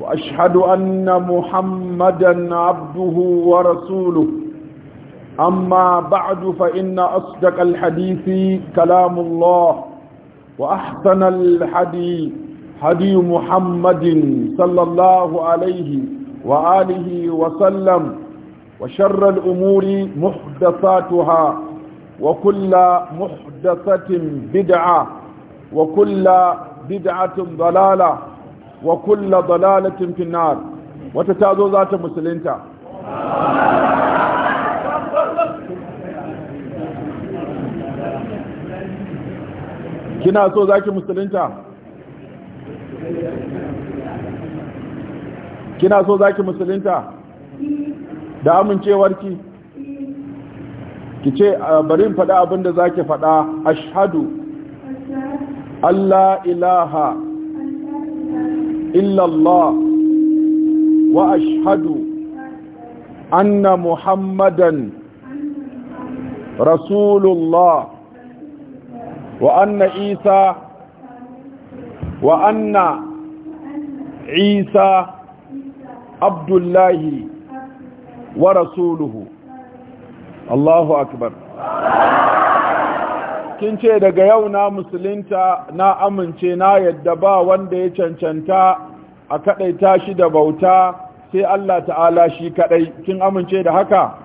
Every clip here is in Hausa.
وأشهد أن محمدا عبده ورسوله أما بعد فإن أصدق الحديث كلام الله وأحسن الحديث حديث محمد صلى الله عليه وآله وسلم وشر الأمور محدثاتها وكل محدثة بدعة وكل بدعة ضلالة wa kulla dalalatin finnar wata tazo za ta musulunta kina so za ki musulunta kina so za ki musulunta da amincewarki ki ce bari in faɗa abinda za ki faɗa ashadu Allah ilaha إلا الله وأشهد أن محمدا رسول الله وأن عيسى وأن عيسى عبد الله ورسوله الله أكبر kin ce daga yau na musulunta na amince na yadda ba wanda ya cancanta a kaɗaita shi da bauta sai Allah ta'ala shi kaɗai kin amince da haka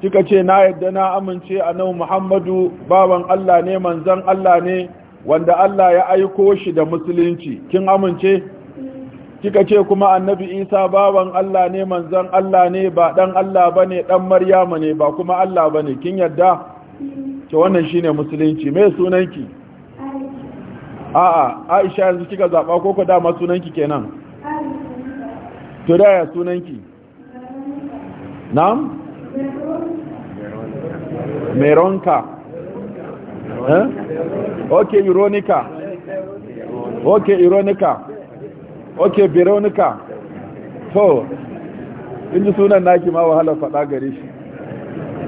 kika ce na yadda na amince a nan Muhammadu baban Allah ne manzon Allah ne wanda Allah ya aiko shi da musulunci kin amince kika ce kuma annabi Isa baban Allah ne manzon Allah ne ba dan Allah bane dan Maryama ne ba kuma Allah bane kin yadda ke wannan shi ne musulunci mai sunanki a'a aisha yanzu kika zaɓa ko dama sunanki kenan to da ya sunanki Nam? meronka eh ironika, ironica ironika, ironica okay to inji sunan naki ma wahala faɗa gare shi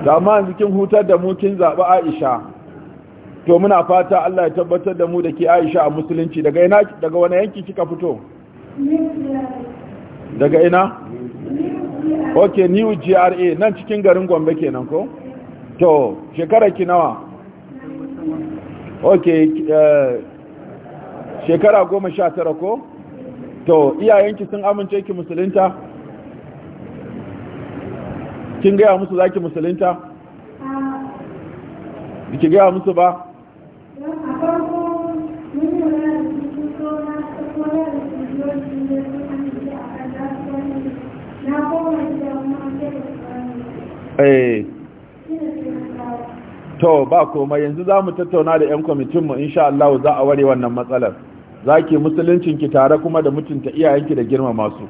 da amma yanzu kin hutar da mu kin zaɓi Aisha to muna fata Allah ya tabbatar da mu da ke Aisha a musulunci daga ina daga wani yanki kika fito daga ina okay new GRA nan cikin garin Gombe kenan ko to shekara ki nawa okay eh, shekara goma sha tara ko to iyayenki sun amince ki musulunta kin gaya musu za ki musulunta? ki gaya musu ba? Eh. to ba koma yanzu za mu tattauna da 'yan kwamitinmu insha Allah za a ware wannan matsalar za ki musuluncinki tare kuma da mutunta iyayenki da girmama su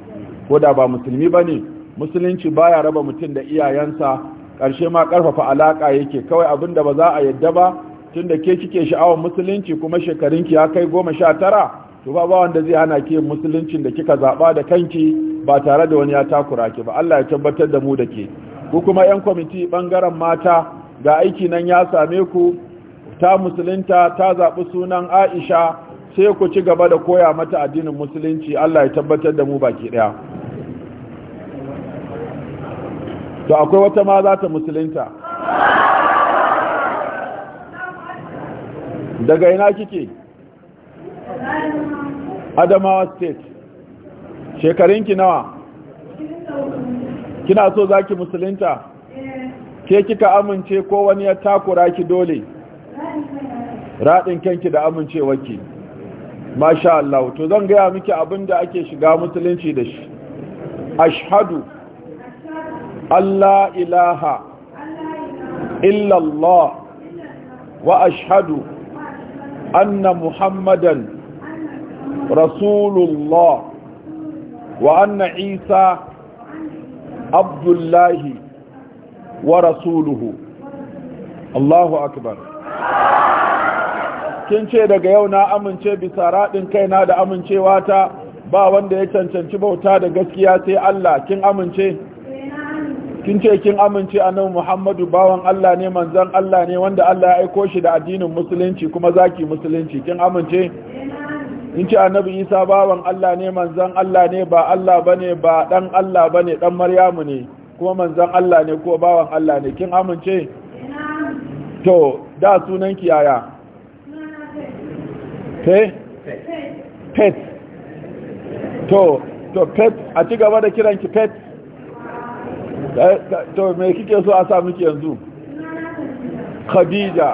ko da ba musulmi ba ne musulunci baya raba mutum da iyayensa ƙarshe ma ƙarfafa alaƙa yake kawai abin da ba za a yadda ba tun da ke kike sha'awar musulunci kuma shekarunki ya kai goma sha tara to ba wanda zai hana ki musuluncin da kika zaɓa da kanki ba tare da wani ya takura ki ba Allah ya tabbatar da mu da ke ku kuma 'yan kwamiti ɓangaren mata ga aiki nan ya same ku ta musulunta ta zaɓi sunan aisha sai ku ci gaba da koya mata addinin musulunci Allah ya tabbatar da mu baki ɗaya to akwai wata ma za ta musulunta daga ina kike adamawa state shekarunki nawa kina so za ki musulunta ke kika amince ko wani ya takura ki dole raɗin kanki da wake masha Allah to zan gaya miki abin da ake shiga musulunci da shi ashhadu Allah ilaha illallah wa ashhadu anna muhammadan rasulullah wa isa abdullahi wa rasuluhu Allahu akbar kin ce daga yau na amince bisa raɗin kaina da amincewata, ba wanda ya cancanci bauta da gaskiya sai Allah kin amince kin ce kin amince annabi Muhammadu bawan Allah ne manzon Allah ne wanda Allah ya aiko shi da addinin musulunci kuma zaki musulunci kin amince kin ce annabi Isa bawan Allah ne manzon Allah ne ba Allah bane ba dan Allah bane dan Maryamu ne kuma manzon Allah ne ko bawan Allah ne kin amince to da sunan ki yaya pe pet to to pet a ci gaba da kiran ki pet to me kike so a sa miki yanzu khadija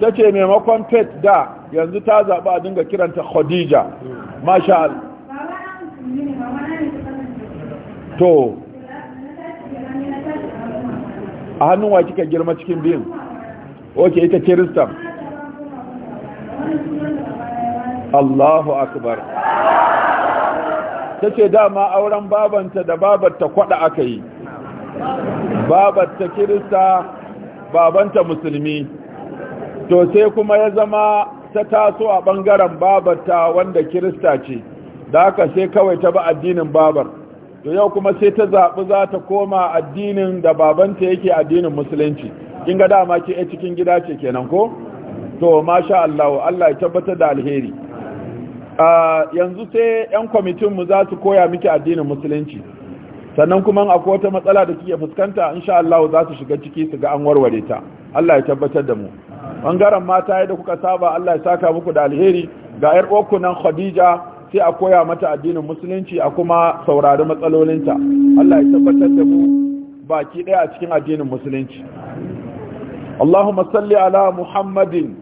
ta ce maimakon pet da yanzu ta zaɓa a dinga kiranta khadija masha'al to a hannun wa kika girma cikin biyun oke ita kiristan allahu akbar ce dama auren babanta da babarta kwada aka yi babarta kirista babanta musulmi to sai kuma ya zama ta taso a bangaren babarta wanda kirista ce da haka sai kawai ta ba addinin babar to yau kuma sai ta zaɓi za ta koma addinin da babanta yake addinin musulunci kin ga dama ke cikin gida ce kenan ko to masha Allah Allah ya tabbatar da alheri yanzu sai 'yan kwamitinmu za su koya miki addinin musulunci sannan kuma akwai wata matsala da kike fuskanta insha Allah za su shiga ciki su ga an warware ta Allah ya tabbatar da mu bangaren mata yadda kuka saba Allah ya saka muku da alheri ga yar okunan Khadija sai a koya mata addinin musulunci a kuma saurari matsalolinta Allah ya tabbatar da mu baki daya a cikin addinin musulunci Allahumma salli ala Muhammadin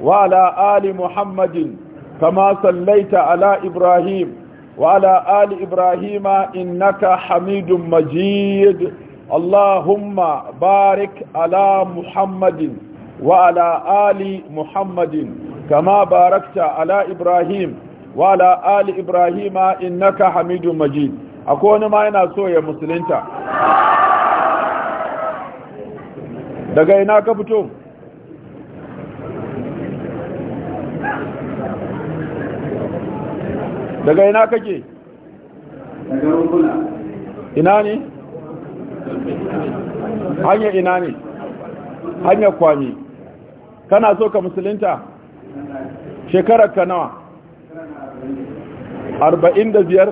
wa ala ali Muhammadin كما صليت على إبراهيم وعلى آل إبراهيم إنك حميد مجيد اللهم بارك على محمد وعلى آل محمد كما باركت على إبراهيم وعلى آل إبراهيم إنك حميد مجيد أكون ما ينسو يا مسلمين daga ina daga ina kake daga rukuna ina ne hanyar ina ne hanyar kwami kana so ka musulinta shekarar ka nawa arba'in da biyar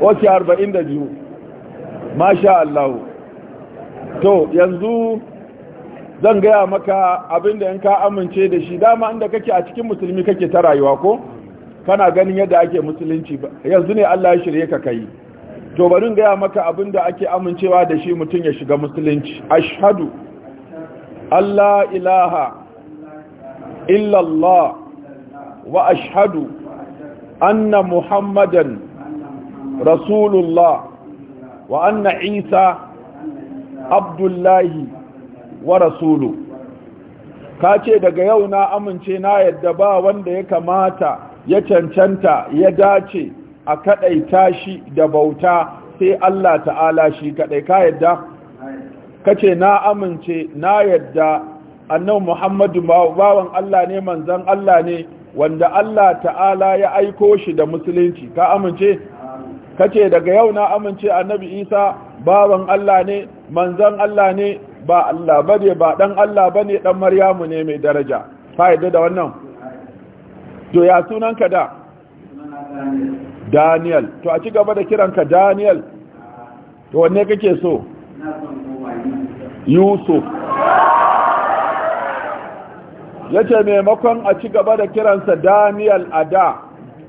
wace arba'in da biyu masha Allah to yanzu zan gaya maka abinda yanka amince da shi dama inda kake a cikin musulmi kake ta rayuwa ko? kana ganin yadda ake musulunci ba? yanzu ne Allah ya shirye ka kai to barin gaya maka abin da ake amincewa da shi mutum ya shiga musulunci ashhadu Allah ilaha illallah wa ashhadu anna muhammadan rasulullah wa anna isa abdullahi wa rasulu kace daga yau na amince na yadda ba wanda ya kamata ya cancanta ya dace a kaɗaita shi da bauta sai Allah ta'ala shi kaɗai ka yadda kace na amince na yadda annabi Muhammadu bawan Allah ne manzon Allah ne wanda Allah ta'ala ya aiko shi da musulunci ka amince kace daga yau na amince annabi Isa bawan Allah ne manzon Allah ne ba Allah bane ba dan Allah bane dan Maryamu ne mai daraja ka da wannan to ya sunanka da daniel to a ci gaba da kiranka daniel to wanne kake so yusuf ya ce maimakon a ci gaba da kiransa daniel a da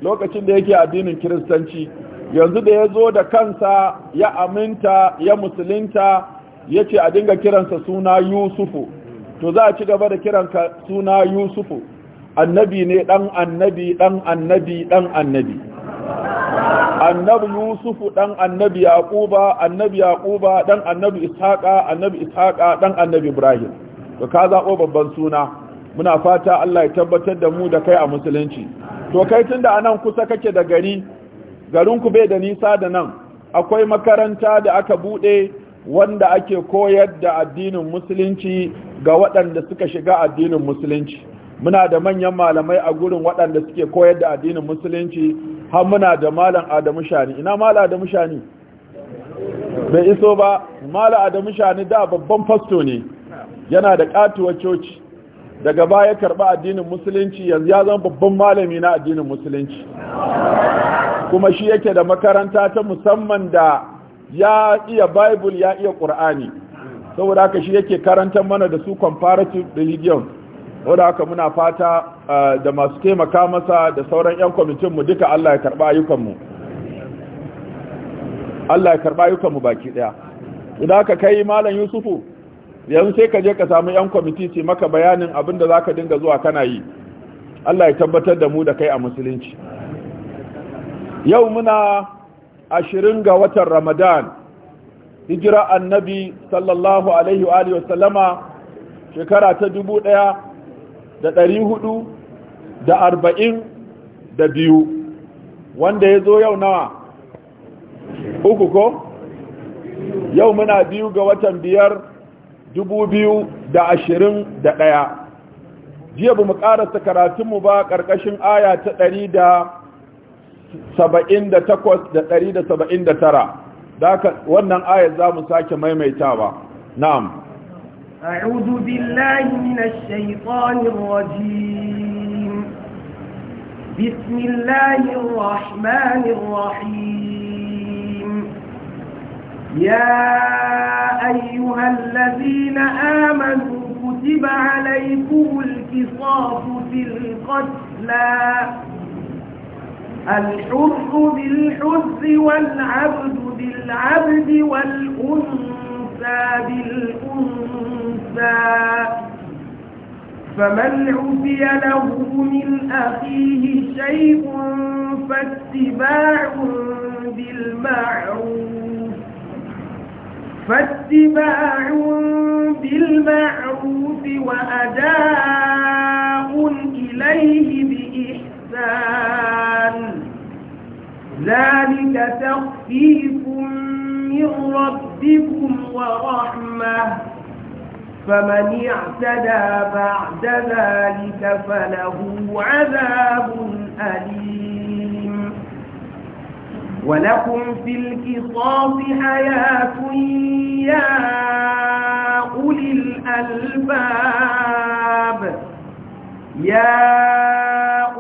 lokacin da yake addinin kiristanci yanzu da ya zo da kansa ya aminta ya musulinta ya ce a dinga kiransa suna yusufu to za a ci gaba da kiranka suna yusufu annabi ne dan annabi dan annabi dan annabi annabi yusufu dan annabi yaquba annabi yaquba dan annabi ishaqa annabi ishaqa dan annabi ibrahim to ka zaɓo babban suna muna fata Allah ya tabbatar da mu da kai a musulunci to kai tunda anan kusa kake da gari garin ku bai da nisa da nan akwai makaranta da aka bude wanda ake koyar da addinin musulunci ga waɗanda suka shiga addinin musulunci muna da manyan malamai a gurin waɗanda suke koyar da addinin musulunci har muna da malam adamu shani ina malam adamu shani bai iso ba malam adamu shani da babban fasto ne yana da katuwar coci daga baya karɓi addinin musulunci yanzu ya zama babban malami na addinin musulunci kuma shi yake da makaranta ta musamman da ya iya bible ya iya ƙur'ani saboda haka shi yake karantar mana da su comparative religion wadda aka muna fata da masu taimaka masa da sauran 'yan kwamitinmu duka Allah ya karɓa ayyukanmu Allah ya karɓa ayyukanmu baki ɗaya idan ka kai malam yusufu yanzu sai ka je ka samu 'yan kwamiti ce maka bayanin abin da za ka dinga zuwa kana yi Allah ya tabbatar da mu da kai a musulunci yau muna ashirin ga watan ramadan hijira annabi sallallahu alaihi wa sallama shekara ta dubu ɗaya da ɗari hudu da arba'in da biyu wanda ya zo yau nawa uku ko yau muna biyu ga watan biyar dubu biyu da ashirin da ɗaya jiya bu mu ƙarasa karatunmu ba ƙarƙashin aya ta ɗari da saba'in da takwas da ɗari da saba'in da tara wannan aya za mu sake maimaitawa na'am أعوذ بالله من الشيطان الرجيم بسم الله الرحمن الرحيم يا أيها الذين آمنوا كتب عليكم القصاص في القتلى الحر بالحر والعبد بالعبد والأنثى الأنثى بالأنثى فمن عفي له من أخيه شيء فاتباع بالمعروف فاتباع بالمعروف وأداء إليه بإحسان ذلك تخفيف من ربكم ورحمة فمن اعتدى بعد ذلك فله عذاب أليم ولكم في القصاص حياة يا أولي الألباب يا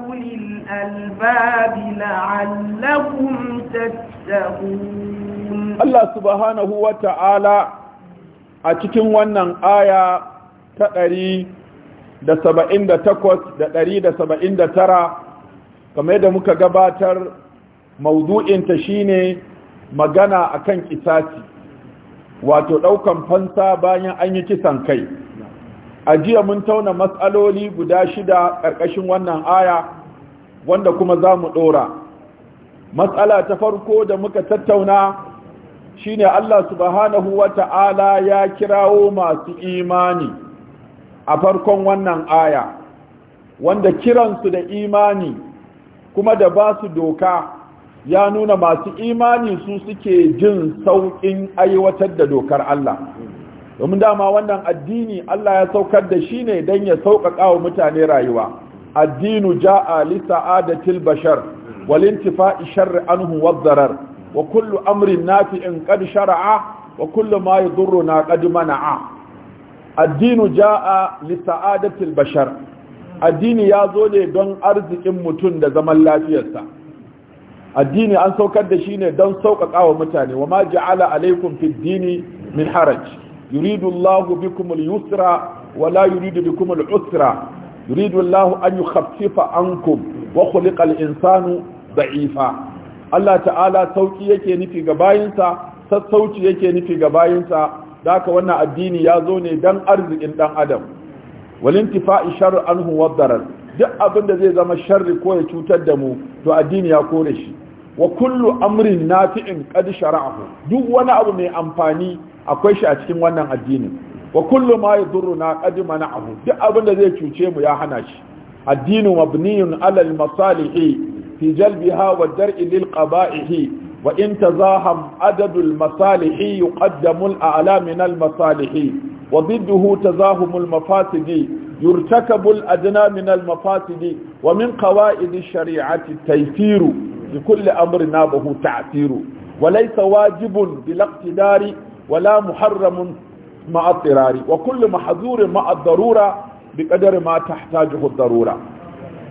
الألباب لعلكم تتقون الله سبحانه وتعالى أتكن ونن آية تأري da saba'in da takwas da ɗari da saba'in da tara kamar yadda muka gabatar maudu'inta shine magana a kan kisasi wato ɗaukan fansa bayan an yi kisan kai a jiya mun tauna matsaloli guda shida ƙarƙashin wannan aya wanda kuma za mu ɗora matsala ta farko da muka tattauna shine Allah subhanahu wa ta'ala ya kirawo masu imani a farkon wannan aya wanda kiransu da imani kuma da ba su doka ya nuna masu imani su suke jin sauƙin aiwatar da dokar Allah domin dama wannan addini Allah ya saukar da shi ne don ya sauƙaƙa wa mutane rayuwa addinu ja'a li sa'adatil bashar wal intifa'i sharri anhu wad darar wa kullu amrin nafi'in qad shar'a wa kullu ma yadurruna qad mana'a addinu ja'a li sa'adatil bashar addini ya zo ne don arzikin mutum da zaman lafiyarsa addini an saukar da shi ne don sauƙaƙa wa mutane wa ma ja'ala alaikum fid dini min haraj yuridu Allahu bikum al-yusra wala la yuridu bikum al-usra yuridu Allah an yukhaffifa ankum wa khuliqa al-insanu da'ifa Allah ta'ala sauki yake nufi ga bayinsa sassauci yake nufi ga bayinsa daka wannan addini ya zo ne dan arzikin ɗan adam walintifa'i sharri anhu wadarar duk abin da zai zama sharri ko ya cutar da mu to addini ya kore shi wa kullu amrin nafi'in qad shara'ahu duk wani abu mai amfani akwai shi a cikin wannan addinin wa kullu ma yadurruna qad mana'ahu duk abin da zai cuce mu ya hana shi addinu mabniyun ala al masalihi fi jalbiha wa dar'i lil qaba'ihi wa in tazaham adadu al masalihi yuqaddamu al a'la min al masalihi wa ضده تزاحم المفاسد يرتكب الأدنى من المفاسد ومن قواعد الشريعة التيسير لكل أمر نابه تعسير وليس واجب بلا اقتدار ولا محرم مع اضطراري وكل محذور مع الضرورة ta ما تحتاجه الضرورة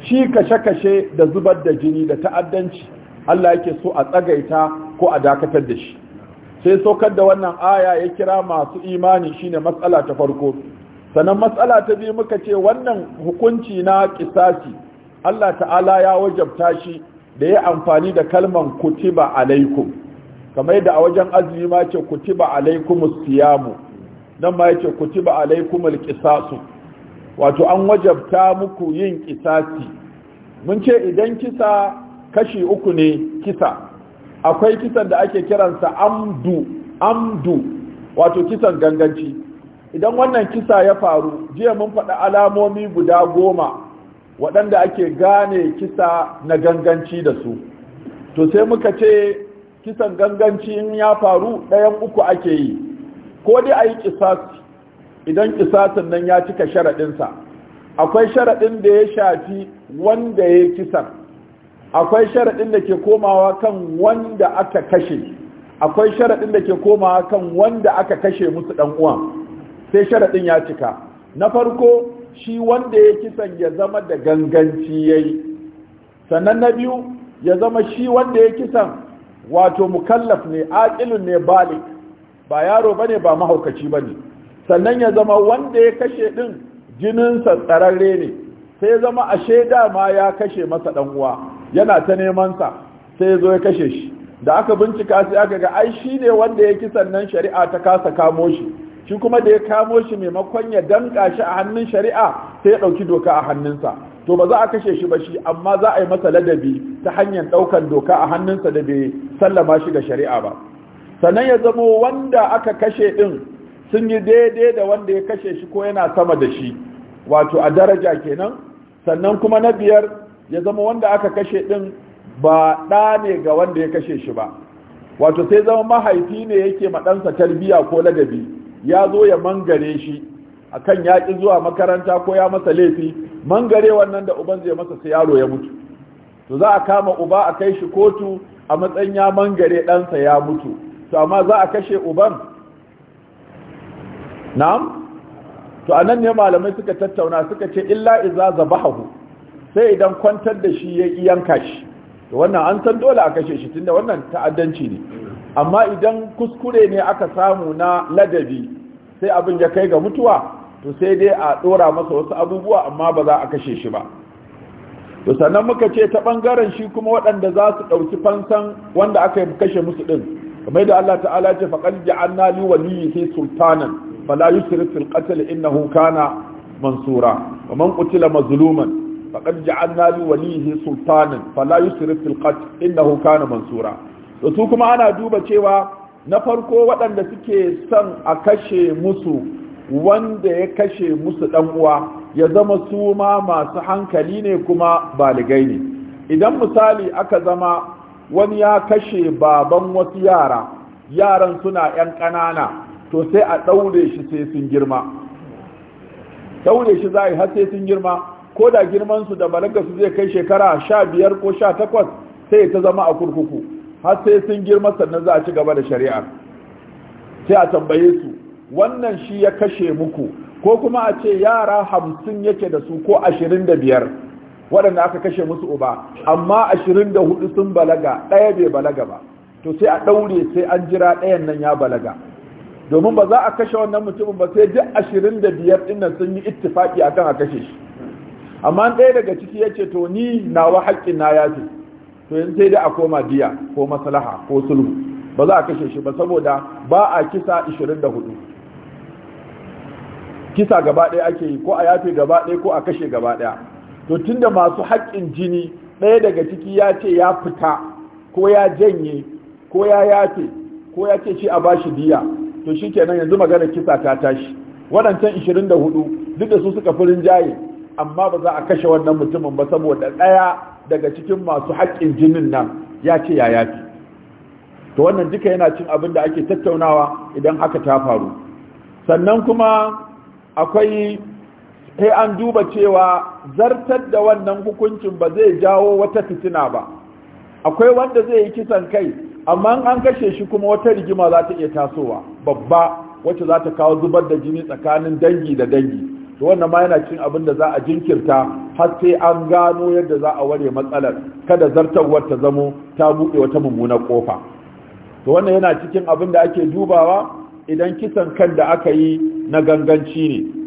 shi kashe-kashe da zubar da jini da ta'addanci Allah yake so a tsagaita ko a dakatar da shi sai saukar da wannan aya ya kira masu imani shine matsala ta farko sanan matsala ta biyu muka ce wannan hukunci na kisasi Allah ta'ala ya wajabta shi da ya amfani da kalman kutiba alaikum kamar yadda a wajen azumi ma ce kutiba alaikumus siyamu nan ma yake kutiba alaikumul qisasu wato an wajabta muku yin kisasi mun ce idan kisa kashi uku ne kisa akwai kisan da ake kiransa amdu amdu wato kisan ganganci idan wannan kisa ya faru jiya mun faɗi alamomi guda goma waɗanda ake gane kisa na ganganci da su to sai muka ce kisan ganganci in ya faru ɗayan uku ake yi ko dai a yi kisasi idan kisasin nan ya cika sharaɗinsa akwai sharaɗin da ya shafi wanda ya kisan akwai sharaɗin da ke komawa kan wanda aka kashe akwai sharaɗin da ke komawa kan wanda aka kashe musu ɗan uwan sai sharaɗin ya cika na farko shi wanda ya kisan ya zama da ganganci ya yi sannan na biyu ya zama shi wanda ya kisan wato mukallaf ne aƙilun ne balik ba yaro ba ne, ba mahaukaci ba ne. sannan ya zama wanda ya kashe ɗin jininsa tsararre ne sai ya zama ashe dama ya kashe masa ɗan'uwa uwa yana ta neman sa sai ya zo ya kashe shi da aka bincika sai aka ga ai shi ne wanda ya kisan nan shari'a ta kasa kamo shi shi kuma da ya kamo shi maimakon ya danka shi a hannun shari'a sai ya ɗauki doka a hannunsa to ba za a kashe shi ba shi amma za a yi masa ladabi ta hanyar ɗaukan doka a hannunsa da bai sallama shi ga shari'a ba sannan ya zamo wanda aka kashe din sun yi daidai da wanda ya kashe shi ko yana sama da shi wato a daraja kenan sannan kuma na biyar ya zama wanda aka kashe ɗin ba ɗa ne ga wanda ya kashe shi ba wato sai zama mahaifi ne yake ɗansa tarbiya ko ladabi ya zo ya mangare shi a kan yaƙi zuwa makaranta ko ya masa laifi mangare wannan da uban zai masa sai yaro ya mutu to za a kama uba a kai shi kotu a matsayin ya mangare ɗansa ya mutu to amma za a kashe uban na'am to anan ne malamai suka tattauna suka ce illa iza zabahu sai idan kwantar da shi yayi yanka shi to wannan an san dole a kashe shi tunda wannan ta'addanci ne amma idan kuskure ne aka samu na ladabi sai abin ya kai ga mutuwa to sai dai a dora masa wasu abubuwa amma ba za a kashe shi ba to sannan muka ce ta bangaren shi kuma waɗanda za su ɗauki fansan wanda aka kashe musu ɗin kamar da Allah ta'ala ce faqad ja'alna li waliyhi sultanan fala yusrif fil qatl innahu kana mansura wa man qutila mazluman faqad ja'alna li waliyhi sultanan fala yusrif fil qatl innahu kana mansura to su kuma ana duba cewa na farko waɗanda suke son a kashe musu wanda ya kashe musu dan uwa ya zama su ma masu hankali ne kuma baligai ne idan misali aka zama wani ya kashe baban wasu yara yaran suna 'yan ƙanana to sai a ɗaure shi sai sun girma ɗaure shi za a yi har sai sun girma ko da girmansu da balagarsu zai kai shekara sha biyar ko sha takwas sai ta zama a kurkuku har sai sun girma sannan za a ci gaba da shari'a sai a tambaye su wannan shi ya kashe muku ko kuma a ce yara hamsin yake da su ko ashirin da biyar waɗanda aka kashe musu uba amma ashirin da hudu sun balaga ɗaya bai balaga ba to sai a ɗaure sai an jira ɗayan nan ya balaga domin ba za a kashe wannan mutumin ba sai duk ashirin da biyar ɗin sun yi ittifaki akan a kashe shi amma ɗaya daga ciki ya ce to ni nawa haƙƙin na yafi to yanzu sai dai a koma diya ko maslaha ko sulhu ba za a kashe shi ba saboda ba a kisa ashirin da hudu kisa gaba ɗaya ake yi ko a yafe gaba ɗaya ko a kashe gaba ɗaya to tunda masu haƙƙin jini ɗaya daga ciki ya ce ya fita ko ya janye ko ya yafe ko ya ce shi a bashi diya to shi kenan yanzu maganar kisa ta tashi waɗancan 24 duk da su suka firin jaye amma ba za a kashe wannan mutumin ba saboda ɗaya daga cikin masu haƙƙin jinin nan ya ce ya yafe. to wannan duka yana cin abin da ake tattaunawa idan haka ta faru sannan kuma akwai sai an duba cewa zartar da wannan hukuncin ba zai jawo wata fitina ba akwai wanda zai yi kisan kai amma an kashe shi kuma wata rigima za ta iya tasowa babba wacce za ta kawo zubar da jini tsakanin dangi da dangi to wannan ma yana cin abin da za a jinkirta har sai an gano yadda za a ware matsalar kada zartarwar ta zamo ta buɗe wata mummunar kofa to wannan yana cikin abin da ake dubawa idan kisan kan da aka yi na ganganci ne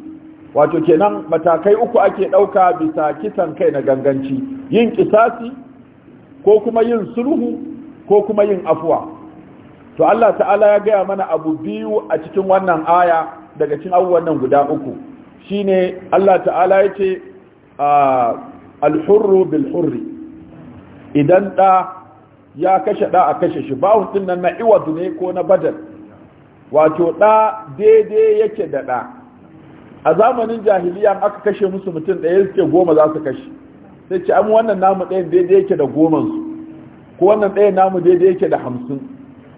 wato kenan matakai uku ake ɗauka bisa kisan kai na ganganci yin kisasi ko kuma yin sulhu ko kuma yin afuwa to Allah ta'ala ya gaya mana abu biyu a cikin wannan aya daga cikin abubuwan nan guda uku shine Allah ta'ala ya ce ah, alhurru bil hurri idan da ya kashe da a kashe shi ba din nan na iwadu ne ko na badal wato da daidai yake da da a zamanin jahiliya aka kashe musu mutum ɗaya suke goma za su kashe sai ce amma wannan namu ɗayan daidai yake da goma su ko wannan ɗayan namu daidai yake da hamsin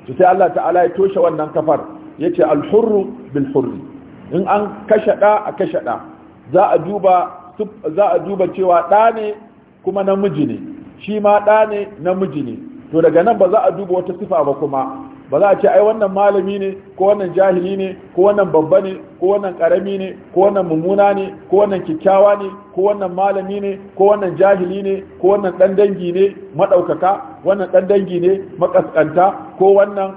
to sai Allah ta'ala ya toshe wannan kafar ya ce alhurru bil hurri in an kashe ɗa a kashe ɗa za a duba za a duba cewa ɗa ne kuma namiji ne shi ma ɗa ne namiji ne to daga nan ba za a duba wata sifa ba kuma ba za a ce ai wannan malami ne ko wannan jahili ne ko wannan babba ne ko wannan karami ne ko wannan mummuna ne ko wannan kikkiawa ne ko wannan malami ne ko wannan jahili ne ko wannan dan dangi ne madaukaka wannan dan dangi ne makaskanta ko wannan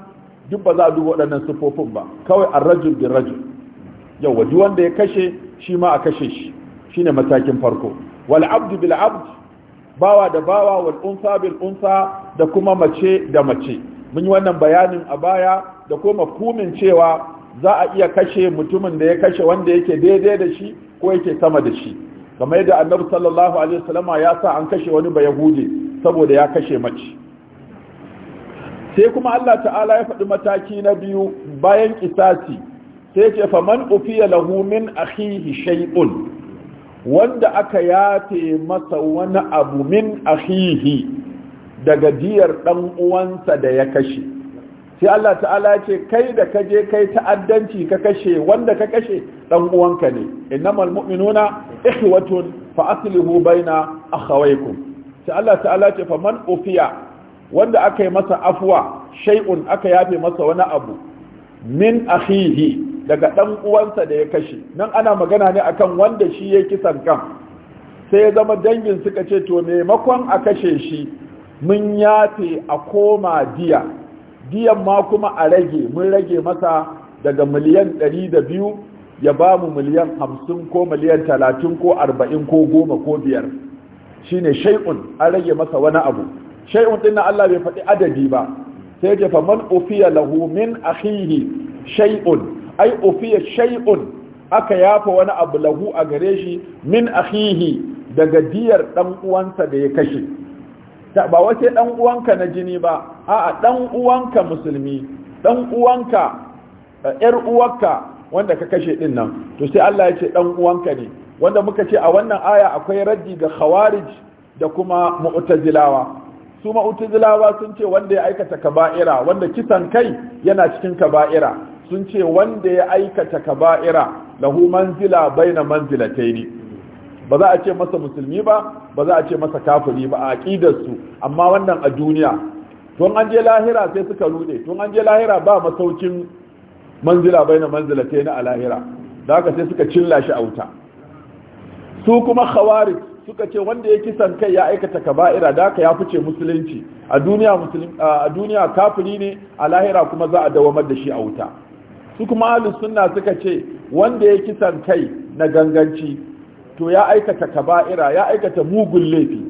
duk ba za a duba waɗannan siffofin ba kawai arrajul bin rajul yau waje wanda ya kashe shi ma a kashe shi shine matakin farko wal abdu bil abd bawa da bawa wal unsa bil unsa da kuma mace da mace mun yi wannan bayanin a baya da ko mafhumin cewa za a iya kashe mutumin da ya kashe wanda yake daidai da shi ko yake sama da shi kamar yadda annabi sallallahu alaihi wasallam ya sa an kashe wani yahudi saboda ya kashe mace sai kuma Allah ta'ala ya faɗi mataki na biyu bayan kisasi sai ce fa faman ufiya lahu min akhihi shay'un wanda aka yafe masa wani abu min akhihi daga diyar ɗan uwansa da ya kashe sai Allah ta'ala ce kai da kaje kai ta'addanci ka kashe wanda ka kashe Ɗan uwanka ne innamal mu'minuna ikhwatun fa aslihu baina akhawaykum sai Allah ta'ala ce fa man ufiya wanda aka yi masa afwa shay'un aka yafe masa wani abu min akhihi daga ɗan uwansa da ya kashe nan ana magana ne akan wanda shi ya kisan kan sai ya zama dangin suka ce to maimakon a kashe shi mun yafe a koma diya diyan ma kuma a rage mun rage masa daga miliyan ɗari da biyu ya ba mu miliyan hamsin ko miliyan talatin ko arba'in ko goma ko biyar shine shay'un an rage masa wani abu shay'un ɗin Allah bai faɗi adadi ba sai ya fa man ufiya lahu min akhihi shay'un ai ufiya shay'un aka yafa wani abu lahu a gare shi min akhihi daga diyar dan uwansa da ya kashe ba wace dan uwanka na jini ba a'a dan uwanka musulmi dan uwanka yar eh, uwarka wanda ka kashe din nan to sai Allah ya ce dan uwanka ne wanda muka ce a wannan aya akwai raddi ga khawarij da kuma mu'tazilawa su mu'tazilawa sun ce wanda ya aikata kaba'ira wanda kisan kai yana cikin kaba'ira sun ce wanda ya aikata kaba'ira lahu manzila baina manzilataini ba za a ce masa musulmi ba ba za a ce masa kafiri ba a su amma wannan a duniya tun an je lahira sai suka rude tun an je lahira ba masaukin manzila manzila manzilatayn a lahira da haka sai suka cilla shi a wuta su kuma khawarij suka ce wanda ya kisan kai ya aikata kaba'ira da haka ya fice musulunci a duniya musulmi a duniya kafiri ne a lahira kuma za a dawamar da shi a wuta su kuma ahlus sunna suka ce wanda ya kisan kai na ganganci to ya aikata kaba'ira ya aikata mugun laifi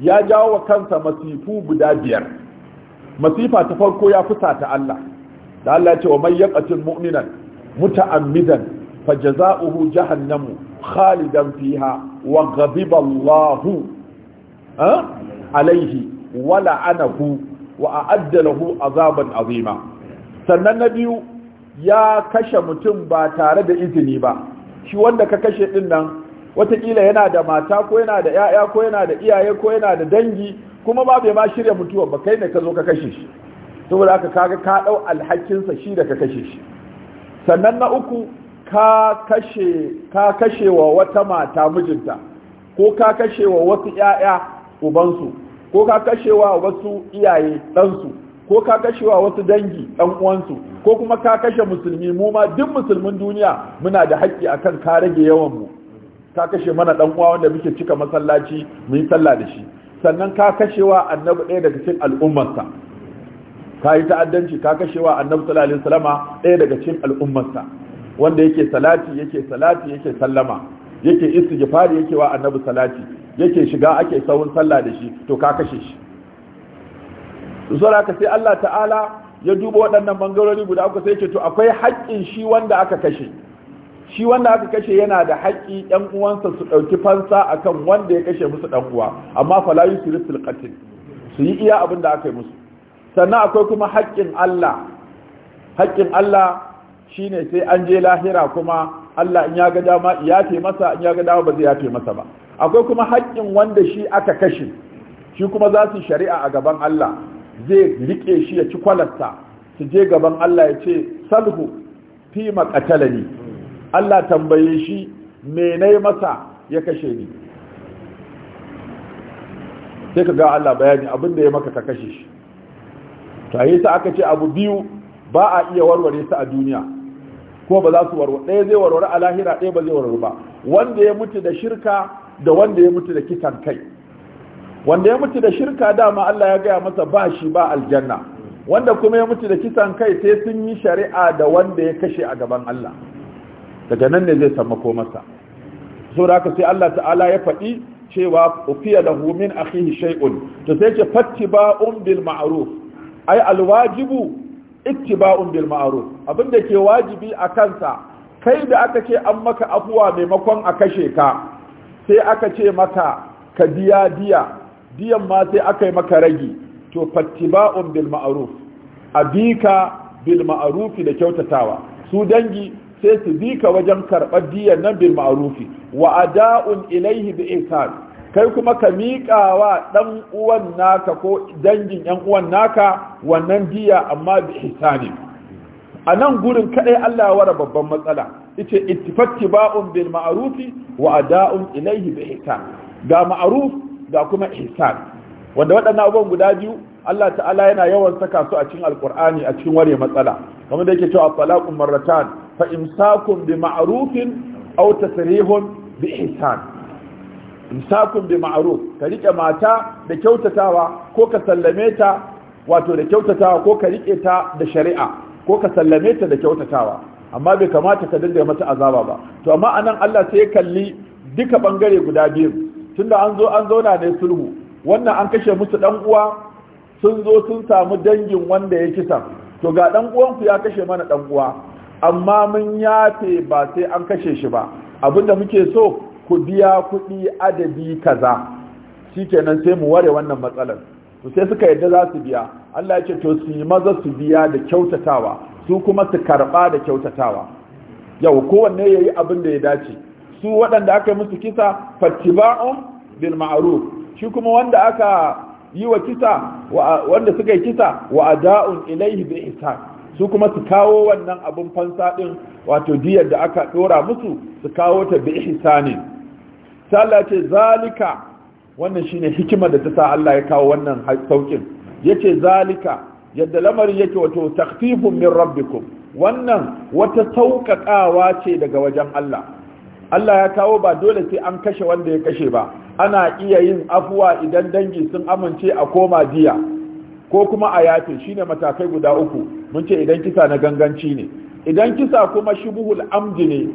ya jawo wa kansa masifu guda biyar masifa ta farko ya fusata Allah da Allah ya ce wa man mu'minan muta'ammidan fajaza'uhu jahannamu khalidan fiha wa ghadiba Allahu alaihi wa la'anahu wa a'adda lahu azaban azima sannan na biyu ya kashe mutum ba tare da izini ba shi wanda ka kashe din nan watakila yana da mata ko yana da 'ya'ya ko yana da iyaye ko yana da dangi kuma ba bai ma shirya mutuwa ba kai ne ka zo ka kashe shi saboda haka kaga ka dau alhakinsa shi da ka kashe shi sannan na uku ka kashe ka kashe wa wata mata mijinta ko ka kashe wa wasu 'ya'ya ubansu ko ka kashe wa wasu iyaye dansu, ko ka kashe wa wasu dangi ɗan uwansu ko kuma ka kashe musulmi mu ma duk musulmin duniya muna da haƙƙi akan ka rage yawan mu ka kashe mana dan uwa wanda muke cika masallaci mu yi sallah da shi sannan ka kashewa annabi ɗaya daga cikin al'ummarsa ka yi ta'addanci ka kashewa annabi sallallahu alaihi wasallama ɗaya daga cikin al'ummarsa wanda yake salati yake salati yake sallama yake istighfari yake wa annabi salati yake shiga ake sawun sallah da shi to ka kashe shi ka sai Allah ta'ala ya duba waɗannan bangarori guda uku sai ce to akwai haƙƙin shi wanda aka kashe shi wanda aka kashe yana da haƙƙi ɗan uwansa su ɗauki fansa akan wanda ya kashe musu ɗan uwa amma fala su fil qatl su yi iya abin da aka yi musu sannan akwai kuma haƙƙin Allah haƙƙin Allah shine sai an je lahira kuma Allah in ya ga dama ya ce masa in ya ga dama ba zai ya fi masa ba akwai kuma haƙƙin wanda shi aka kashe shi kuma za su shari'a a gaban Allah zai riƙe shi ya ci kwalarsa su je gaban Allah ya ce salhu fi maqatalani Allah tambaye shi me nayi masa ya kashe ni sai ka ga Allah bayani abin da ya maka ka kashe shi to yi sa aka ce abu biyu ba a iya warware su a duniya ko ba za su warware ɗaya zai warware a lahira ɗaya ba zai warware ba wanda ya mutu da shirka da wanda ya mutu da kisan kai wanda ya mutu da shirka dama Allah ya gaya masa ba shi ba aljanna wanda kuma ya mutu da kisan kai sai sun yi shari'a da wanda ya kashe a gaban Allah daga nan ne zai samu komarsa da aka sai Allah ta'ala ya faɗi cewa ufiya humin a akhihi shay'un to sai ce fattiba'un bil ma'ruf ai alwajibu ittiba'un bil abin abinda ke wajibi a kansa kai da aka ce an maka afuwa maimakon a kashe ka sai aka ce maka ka biya diya diyan ma sai aka yi maka ragi to fatti fattiba'un bil bi abika bil ma'arufi da kyautatawa su dangi sai su bi ka wajen karɓar diyar nan bil ma'rufi wa ada'un ilaihi bi ihsan kai kuma ka wa ɗan uwan naka ko dangin ƴan uwan naka wannan diya amma bi ihsani a nan gurin kaɗai Allah ya wara babban matsala ita ba'un bil ma'rufi wa ada'un ilaihi bi ihsan ga ma'ruf ga kuma ihsan wanda waɗannan abubuwan guda biyu Allah ta'ala yana yawan saka su a cikin alkur'ani a cikin ware matsala kamar da yake cewa talaqu marratan fa imsakun bi ma'rufin aw tasrihun bi ihsan imsakun bi ma'ruf ka rike mata da kyautatawa ko ka sallame ta wato da kyautatawa ko ka rike ta da shari'a ko ka sallame ta da kyautatawa amma bai kamata ka dinga mata azaba ba to amma anan Allah sai ya kalli duka bangare guda biyu tunda an zo an zauna ne sulhu wannan an kashe musu dan uwa sun zo sun samu dangin wanda ya kisa to ga dan uwanku ya kashe mana dan uwa amma mun yafe ba sai an kashe shi ba abinda muke so ku biya kuɗi adadi kaza shikenan sai mu ware wannan matsalar to sai suka yadda za su biya Allah ya to su yi maza su biya da kyautatawa su kuma su karɓa da kyautatawa yau kowanne ya yi abin da ya dace su waɗanda aka yi musu kisa fattiba'un bil ma'ruf shi kuma wanda aka yi wa kisa wanda suka yi kisa wa ada'un ilaihi bi ihsan su kuma su kawo wannan abin fansa din wato diyar da aka dora musu su kawo ta bi ihsanin sala ce zalika wannan shine hikima da ta sa Allah ya kawo wannan saukin yace zalika yadda lamarin yake wato takhfifun min rabbikum wannan wata sauƙaƙawa ce daga wajen Allah Allah ya kawo ba dole sai an kashe wanda ya kashe ba ana iya yin afuwa idan dangi sun amince a koma jiya ko kuma a yafe ne matakai guda uku mun ce idan kisa na ganganci ne idan kisa kuma shubuhul amdi ne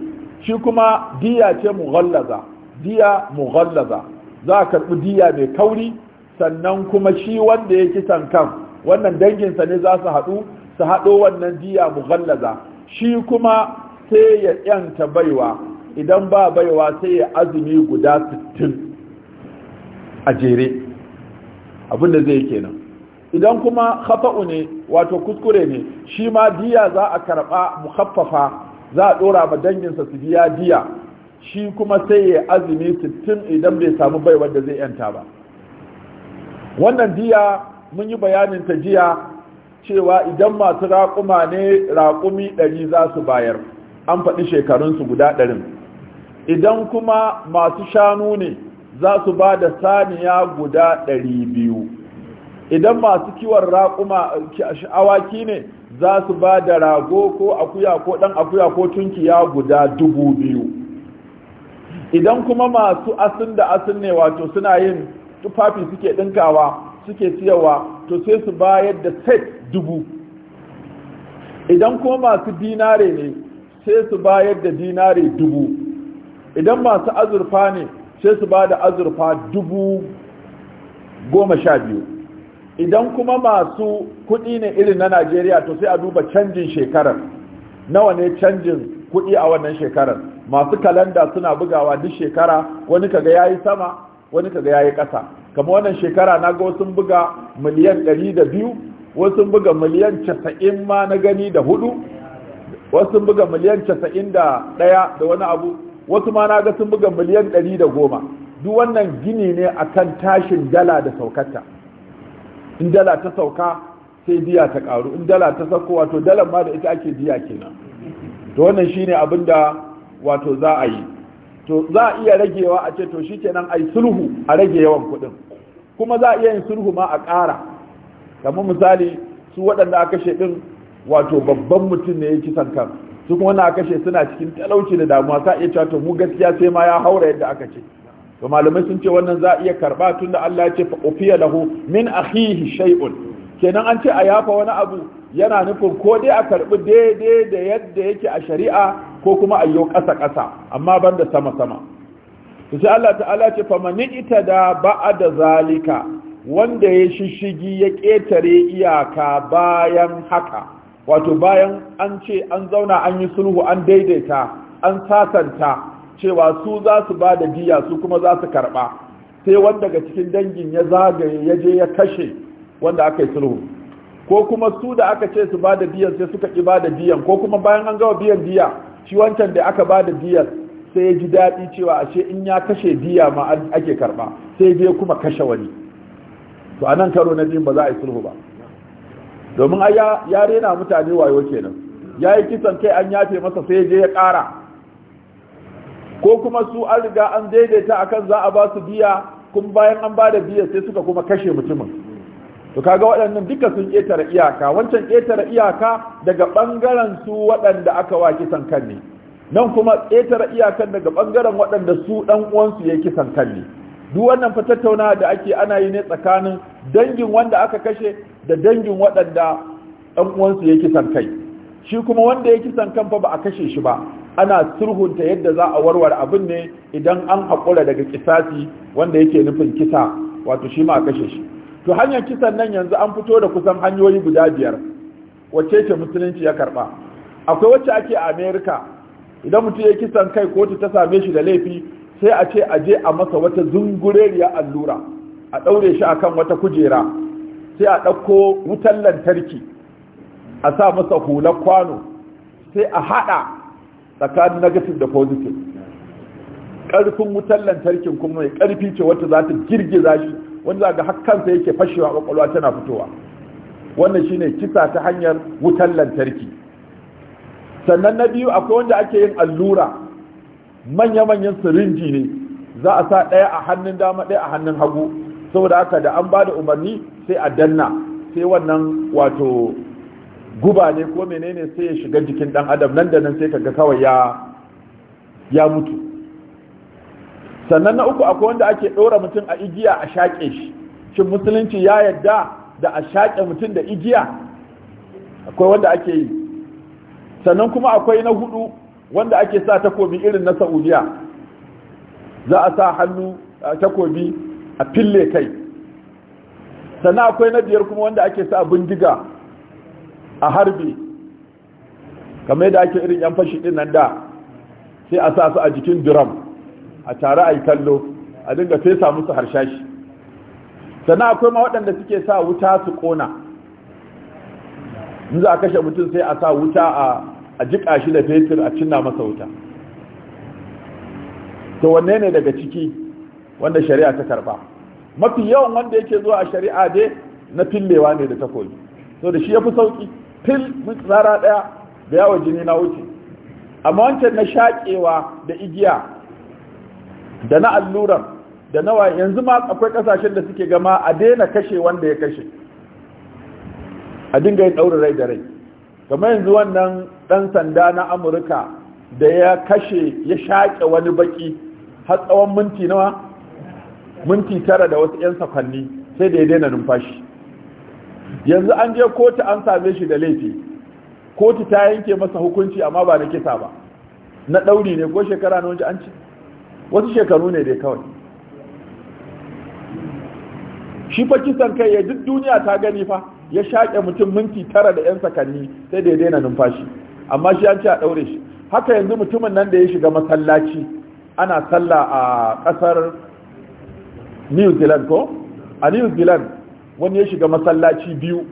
shi kuma diya ce mughallaza diya mughallaza za a karɓi diya mai kauri sannan kuma shi wanda ya kisan kan wannan danginsa ne za su haɗu su haɗo wannan diya mughallaza shi kuma sai ya yanta baiwa idan ba baiwa sai ya azumi guda sittin a jere abinda zai kenan idan kuma khata'u ne wato kuskure ne shi ma diya za a karba mukhaffafa za a dora ma danginsa su biya diya shi kuma sai ya azumi 60 idan bai samu bai wanda zai yanta ba wannan diya mun yi bayanin ta jiya cewa idan masu raƙuma ne raƙumi 100 za su bayar an faɗi shekarunsu guda 100 idan kuma masu shanu ne za su ba da saniya guda 200 idan masu kiwon raƙuma awaki ne za su ba da rago ko akuya ko ɗan akuya ko tunkiya guda dubu biyu idan kuma masu asin da asin ne wato suna yin tufafi suke ɗinkawa suke siyarwa to sai su bayar da set dubu idan kuma masu dinare ne sai su bayar da dinare dubu idan masu azurfa ne sai su ba da azurfa dubu goma sha biyu idan kuma masu kuɗi ne irin na najeriya to sai a duba canjin shekarar nawa ne canjin kuɗi a wannan shekarar masu kalanda suna bugawa duk shekara wani kaga ya yi sama wani kaga ya yi ƙasa Kamar wannan shekara na ga wasu buga miliyan ɗari da biyu wasu buga miliyan casa'in ma na gani da hudu wasu buga miliyan casa'in da ɗaya da wani abu wasu ma na ga sun buga miliyan ɗari da goma duk wannan gini ne akan tashin dala da saukarta in dala ta sauka sai biya ta karu in dala ta sauko wato dalar ma da ita ake biya kenan to wannan shine abin da wato za a yi to za a iya ragewa a ce to shikenan ai sulhu a rage yawan kuɗin kuma za a iya yin sulhu ma a ƙara kamar misali su waɗanda aka kashe ɗin wato babban mutum ne ya kisan kan su kuma na kashe suna cikin talauci da damuwa sa iya cewa to mu gaskiya sai ma ya haura yadda aka ce to malamai sun ce wannan za a iya karba tunda Allah ya ce fa lahu min akhihi shay'un kenan an ce a yafa wani abu yana nufin ko dai a karbi daidai da yadda yake a shari'a ko kuma a yi kasa ƙasa amma banda sama sama to sai Allah ta'ala ce fa man da ba'da zalika wanda ya shishigi ya ƙetare iyaka bayan haka wato bayan an ce an zauna an yi sulhu an daidaita an sasanta cewa su za su ba da diya su kuma za su karɓa sai wanda daga cikin dangin ya zagaye ya je ya kashe wanda aka yi sulhu ko kuma su da aka ce su ba da diyan sai suka ki ba da diyan ko kuma bayan an gawa biyan diya shi wancan da aka ba da diyan sai ya ji daɗi cewa ashe in ya kashe diya ma ake karɓa sai je kuma kashe wani to a karo na biyun ba za a yi sulhu ba domin ya rena mutane wayo kenan yayi kisan kai an yafe masa sai je ya ƙara ko kuma su an riga an daidaita akan za a ba su biya kuma bayan an ba da biya sai suka kuma kashe mutumin to kaga waɗannan duka sun ƙetare iyaka wancan ƙetare iyaka daga ɓangaren su waɗanda aka wa kisan kan ne nan kuma ƙetare iyakan daga ɓangaren waɗanda su ɗan uwansu ya kisan kan ne duk wannan fa da ake ana yi ne tsakanin dangin wanda aka kashe da dangin waɗanda ɗan uwansu ya kisan kai shi kuma wanda ya kisan kan fa ba a kashe shi ba ana sulhunta yadda za a warware abin ne idan an haƙura daga kisasi wanda yake nufin kisa wato shi ma kashe shi to hanyar kisan nan yanzu an fito da kusan hanyoyi guda biyar wacce ce musulunci ya karba akwai wacce ake a america idan mutum ya kisan kai kotu ta same shi da laifi sai a ce a je a masa wata zungureriya allura a ɗaure shi akan wata kujera sai a ɗauko wutan lantarki a sa masa hular kwano sai a haɗa tsakanin negative da positive ƙarfin wutar lantarkin kuma mai ƙarfi ce wata za ta girgiza shi wanda za ga hakkansa yake fashewa ƙwaƙwalwa tana fitowa wannan shi ne kisa ta hanyar wutar lantarki sannan na biyu akwai wanda ake yin allura manya-manyan sirinji ne za a sa ɗaya a hannun dama ɗaya a hannun hagu saboda haka da an ba da umarni sai a danna sai wannan wato guba ne ko menene sai ya shiga jikin dan adam nan da nan sai kaga kawai ya ya mutu sannan na uku akwai wanda ake ɗora mutum a igiya a shaƙe shi shin musulunci ya yadda da a shaƙe mutum da igiya akwai wanda ake yi sannan kuma akwai na hudu wanda ake sa takobi irin na saudiya za a sa hannu takobi a fille kai sannan akwai na biyar kuma wanda ake sa bindiga a harbi kamar da ake irin yan fashi din nan da sai a sa su a jikin drum a tare a yi kallo a dinga fesa musu harshashi sannan akwai ma waɗanda suke sa wuta su kona in za a kashe mutum sai a sa wuta a jika shi da fetur a cinna masa wuta to wanne ne daga ciki wanda shari'a ta karba mafi yawan wanda yake zuwa a shari'a dai na fillewa ne da takobi so da shi ya fi sauƙi fil mun tsara daya da yawa jini na wuce amma wancan na shakewa da igiya da na alluran da nawa yanzu ma akwai kasashen da suke gama a daina kashe wanda ya kashe a dinga yin ɗaurin rai da rai kamar yanzu wannan ɗan sanda na amurka da ya kashe ya shaƙe wani baki har tsawon minti nawa minti tara da wasu 'yan sakwanni sai da ya daina numfashi yanzu an je kotu an same shi da laifi kotu ta yanke masa hukunci amma ba na kisa ba na ɗauri ne ko shekara na wanci an ci wasu shekaru ne dai kawai shi fa kisan kai ya duk duniya ta gani fa ya shaƙe mutum minti tara da 'yan sakanni sai da ya daina numfashi amma shi an ce a ɗaure shi haka yanzu mutumin nan da ya shiga masallaci ana sallah a ƙasar new zealand ko a new zealand wani ya shiga masallaci biyu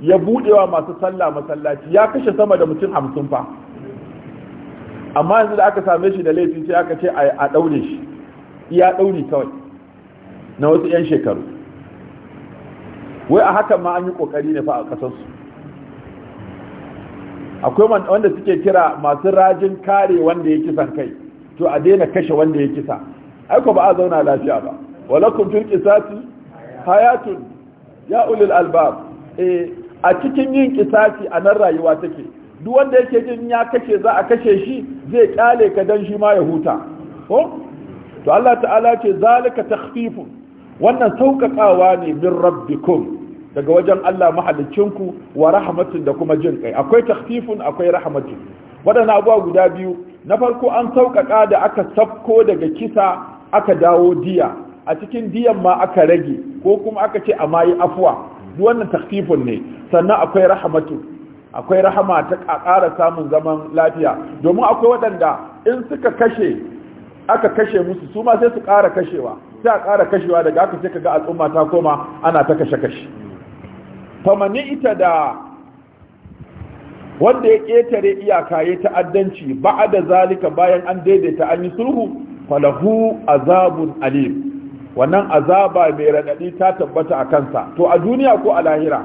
ya buɗewa masu sallah masallaci ya kashe sama da mutum hamsin fa amma yanzu da aka same shi da laifin sai aka ce a daure shi iya daure kawai na wasu 'yan shekaru wai a hakan ma an yi ƙoƙari ne fa a ƙasarsu akwai wanda suke kira masu rajin kare wanda ya kisan kai to a daina kashe wanda ya kisa aiko ba a zauna lafiya ba walakum fil qisasi hayatun ya ulul albab eh a cikin yin kisasi a nan rayuwa take duk wanda yake jin ya kashe za a kashe shi zai kyale ka dan shi ma ya huta ko to Allah ta'ala ce zalika takhfifun wannan sauƙaƙawa ne min rabbikum daga wajen Allah ku wa rahmatin da kuma jin kai akwai takhfifun akwai rahmatin waɗannan abuwa guda biyu na farko an sauƙaƙa da aka sabko daga kisa aka dawo diya a cikin diyan ma aka rage ko kuma aka ce a yi afuwa duk wannan takhfifun ne sannan akwai rahmatu akwai rahama ta ƙara samun zaman lafiya domin akwai waɗanda in suka kashe aka kashe musu su ma sai su ƙara kashewa sai a ƙara kashewa daga aka sai kaga al'umma ta koma ana ta kashe kashe famani ita da wanda ya ƙetare iyaka ya ta'addanci Ba'ada zalika bayan an daidaita an yi sulhu falahu azabun alim wannan azaba mai raɗaɗi ta tabbata a kansa to a duniya ko a lahira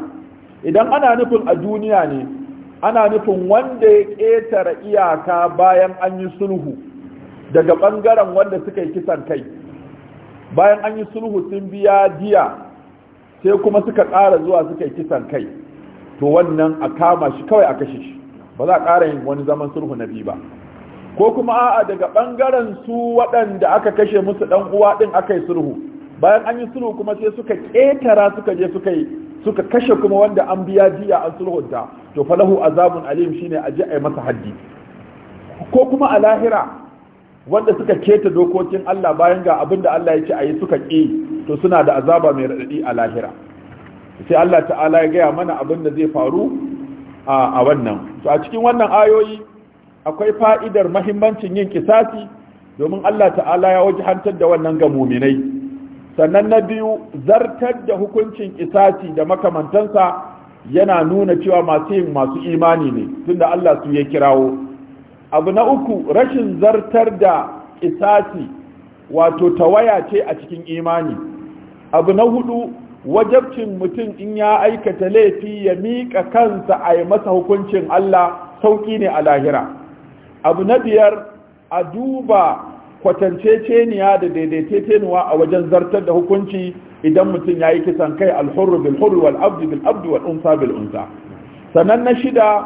idan ana nufin a duniya ne ana nufin wanda ya ƙetare iyaka bayan an yi sulhu daga ɓangaren wanda suka yi kisan kai bayan an yi sulhu sun biya diya sai kuma suka ƙara zuwa suka yi kisan kai to wannan a kama shi kawai a kashe shi ba za a ƙara yin wani zaman sulhu na biyu ba ko kuma a'a daga bangaren su waɗanda aka kashe musu dan uwa din aka yi sulhu bayan an yi sulhu kuma sai suka ƙetara suka je suka yi suka kashe kuma wanda an biya jiya an sulhunta to falahu azabun alim shine aje ai masa haddi ko kuma a lahira wanda suka keta dokokin Allah bayan ga abin da Allah ya ce ayi suka ƙi to suna da azaba mai radadi a lahira sai Allah ta'ala ya gaya mana abin da zai faru a wannan to a cikin wannan ayoyi akwai fa'idar mahimmancin yin kisasi domin Allah ta'ala ya hantar da wannan ga muminai sannan na biyu zartar da hukuncin kisasi da makamantansa yana nuna cewa masu yin masu imani ne tunda Allah su ya kirawo abu na uku rashin zartar da kisasi wato tawaya ce a cikin imani abu na hudu wajabcin mutum in ya aikata laifi ya miƙa kansa a yi masa hukuncin Allah sauƙi ne a lahira abu na biyar a duba kwatanceceniya da daidaitecenuwa a wajen zartar da hukunci idan mutum ya yi kisan kai alhurru bil hurru wal abdu bil abdu wal unsa bil unsa sannan na shida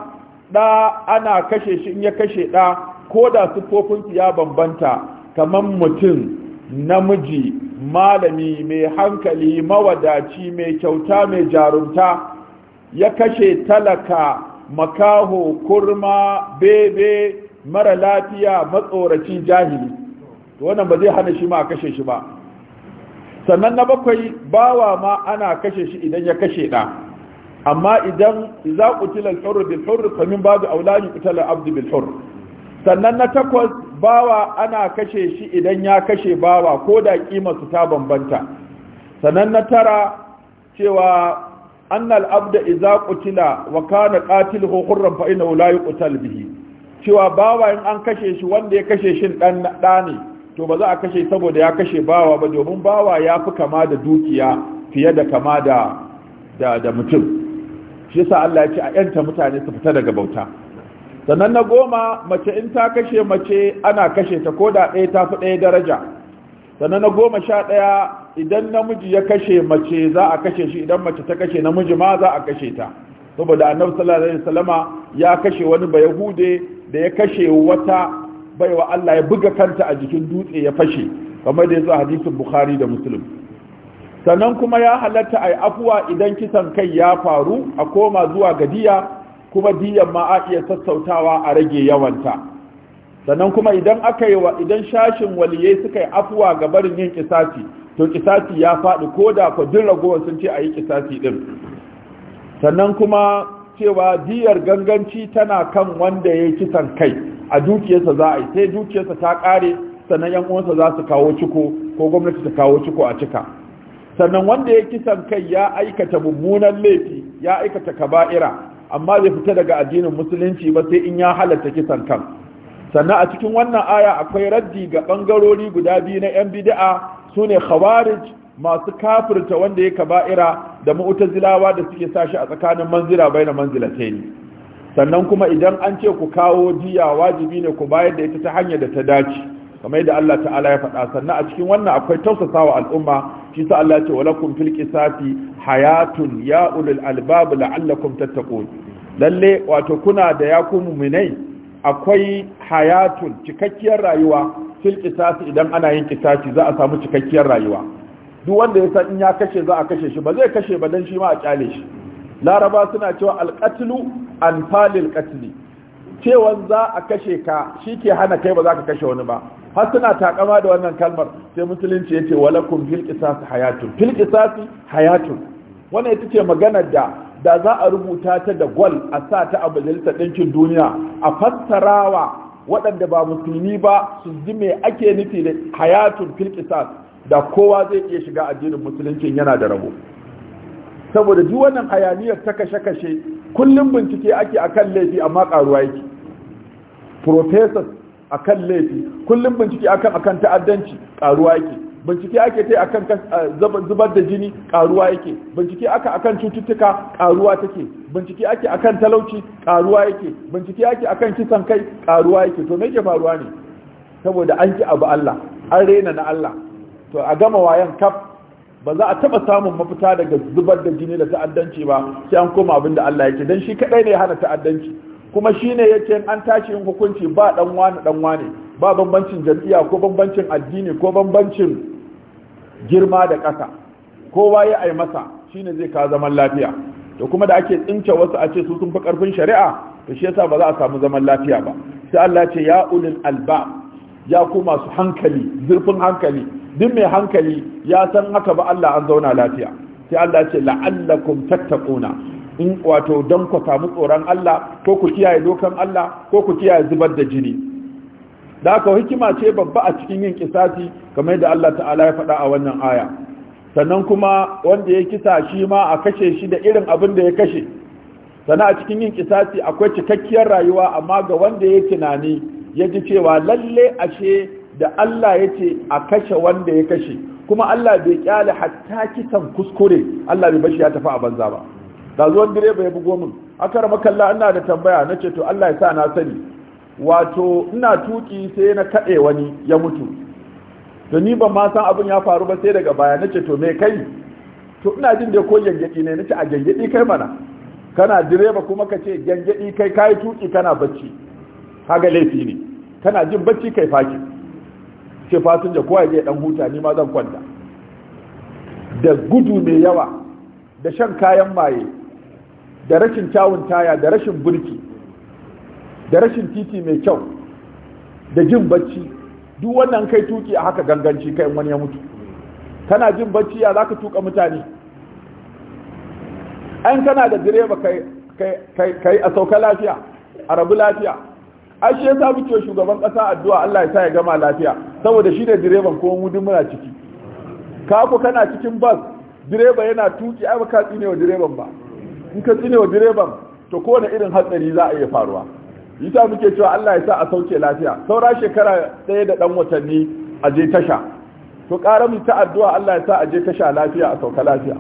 da ana kashe shi in ya kashe da ko da siffofinsu ya bambanta kamar mutum namiji malami mai hankali mawadaci mai kyauta mai jarumta ya kashe talaka makaho kurma bebe mara lafiya matsoraci jahili wannan ba zai hana shi ma a kashe shi ba sannan na bakwai bawa ma ana kashe shi idan ya kashe da, amma idan za ku tilar hurru bil hurru kamin babu aulani kutalar abdu bil hurru sannan na takwas bawa ana kashe shi idan ya kashe bawa ko da kima su ta bambanta sannan na tara cewa annal abda idza qutila wa kana qatiluhu hurran fa inna la yuqtal bihi cewa bawa in an kashe shi wanda ya kashe shi dan da ne to ba za a kashe saboda ya kashe bawa ba domin bawa ya fi kama da dukiya fiye da kama da da, mutum shi yasa Allah ya ce a yanta mutane su fita daga bauta sannan na goma mace in ta kashe mace ana kashe ta ko da ɗaya ta fi ɗaya daraja sannan na goma sha ɗaya idan namiji ya kashe mace za a kashe shi idan mace ta kashe namiji ma za a kashe ta saboda annabi sallallahu alaihi wasallama ya kashe wani bayahude da ya kashe wata baiwa Allah ya buga kanta a jikin dutse ya fashe kamar da yazo hadisin bukhari da muslim sanan kuma ya halatta ai afuwa idan kisan kai ya faru a koma zuwa gadiya kuma diyan ma a iya sassautawa a rage yawanta sanan kuma idan aka wa idan shashin waliyai suka yi afuwa ga barin yin kisasi to kisasi ya faɗi ko da ku duk ragowar sun ce a yi kisasi din. sannan kuma cewa diyar ganganci tana kan wanda ya yi kisan kai a dukiyarsa za a yi sai dukiyarsa ta kare sannan yan uwansa za su kawo ciko ko gwamnati ta kawo ciko a cika sannan wanda ya kisan kai ya aikata mummunan laifi ya aikata kaba'ira amma bai fita daga addinin musulunci ba sai in ya halatta kisan kan sannan a cikin wannan aya akwai raddi ga bangarori guda biyu na yan bid'a sune khawarij masu kafirta wanda ya kaba'ira da mu'tazilawa da suke sashi a tsakanin manzila ta manzilatayn sannan kuma idan an ce ku kawo jiya wajibi ne ku bayar da ita ta hanya da ta dace kamar da Allah ta'ala ya faɗa sannan a cikin wannan akwai tausasawa al'umma shi sa Allah ya ce walakum fil qisasi hayatun ya ulul albab la'allakum tattaqun lalle wato kuna da ya ku mu'minai akwai hayatun cikakkiyar rayuwa fil qisasi idan ana yin qisasi za a samu cikakkiyar rayuwa duk wanda ya san in ya kashe za a kashe shi ba zai kashe ba dan shi ma a kyale shi laraba suna cewa alqatlu an falil qatli cewa za a kashe ka shi ke hana kai ba za ka kashe wani ba har suna takama da wannan kalmar sai musulunci yace walakum fil qisas hayatun fil qisas hayatun wannan ita ce maganar da da za a rubuta ta da gwal a sa ta a majalisar ɗinkin duniya a fassarawa waɗanda ba musulmi ba su ji me ake nufi da hayatun filkisas da kowa zai iya shiga addinin musulunci yana da rabo saboda duk wannan hayaniyar ta kashe-kashe kullum bincike ake akan laifi amma karuwa yake professors akan laifi kullum bincike akan akan ta'addanci karuwa yake bincike ake ta akan eh, zubar da jini karuwa yake bincike aka akan cututtuka karuwa take bincike ake akan talauci karuwa yake bincike ake akan kisan kai karuwa yake to me ke faruwa ne saboda an ki abu Allah an rena na Allah to a gama wayan kaf ba za a taba samun mafita daga zubar da jini da ta'addanci ba sai an koma abin da Allah yake dan shi kadai ne ya hana ta'addanci kuma shine yake an tashi yin hukunci ba dan wani dan wani ba bambancin jam'iyya ko bambancin addini ko bambancin girma da ƙasa kowa ya ai masa shine zai ka zaman lafiya to kuma da ake tsince wasu a ce su sun fi karfin shari'a to shi yasa ba za a samu zaman lafiya ba sai Allah ce ya ulil alba ya ku masu hankali zurfin hankali duk mai hankali ya san haka ba Allah an zauna lafiya sai Allah ce la'allakum tattaquna in wato dan ku samu tsoron Allah ko ku kiyaye dokan Allah ko ku kiyaye zubar da jini da haka hikima ce babba a cikin yin kisasi kamar da Allah ta'ala ya faɗa a wannan aya sannan kuma wanda ya kisa shi ma a kashe shi da irin abin da ya kashe sannan a cikin yin kisasi akwai cikakkiyar rayuwa amma ga wanda ya tunani ya ji cewa lalle ashe da Allah ya ce a kashe wanda ya kashe kuma Allah bai kyale hatta kisan kuskure Allah bai bashi ya tafi a banza ba da zuwan direba ya bugo min akar makalla ina da tambaya na ce to Allah ya sa na sani wato ina tuki sai na kaɗe wani ya mutu to ni ban ma san abin ya faru ba sai daga baya na ce to me kai to ina jin da ko gyangyaɗi ne nace a gyangyaɗi kai mana kana direba kuma ka ce gyangyaɗi kai kayi tuki kana bacci kaga laifi ne kana jin bacci kai fakin ce fasinja kowa zai dan huta ni ma zan kwanta da gudu mai yawa da shan kayan maye da rashin kyawun taya da rashin burki da rashin titi mai kyau da jin bacci duk wannan kai tuki a haka ganganci kai wani ya mutu kana jin bacci ya za ka tuka mutane an kana da direba kai a sauka lafiya a rabu lafiya ai shi yasa muke shugaban ƙasa, addu'a Allah ya sa ya gama lafiya saboda shine direban ko mu muna ciki ka ku kana cikin bas, direba yana tuki ai baka tsine wa direban ba in ka tsine wa direban to kowane irin hatsari za a iya faruwa yasa muke cewa Allah ya sa a sauke lafiya saura shekara ɗaya da ɗan watanni a je tasha to ƙara mu ta addu'a Allah ya sa a je tasha lafiya a sauka lafiya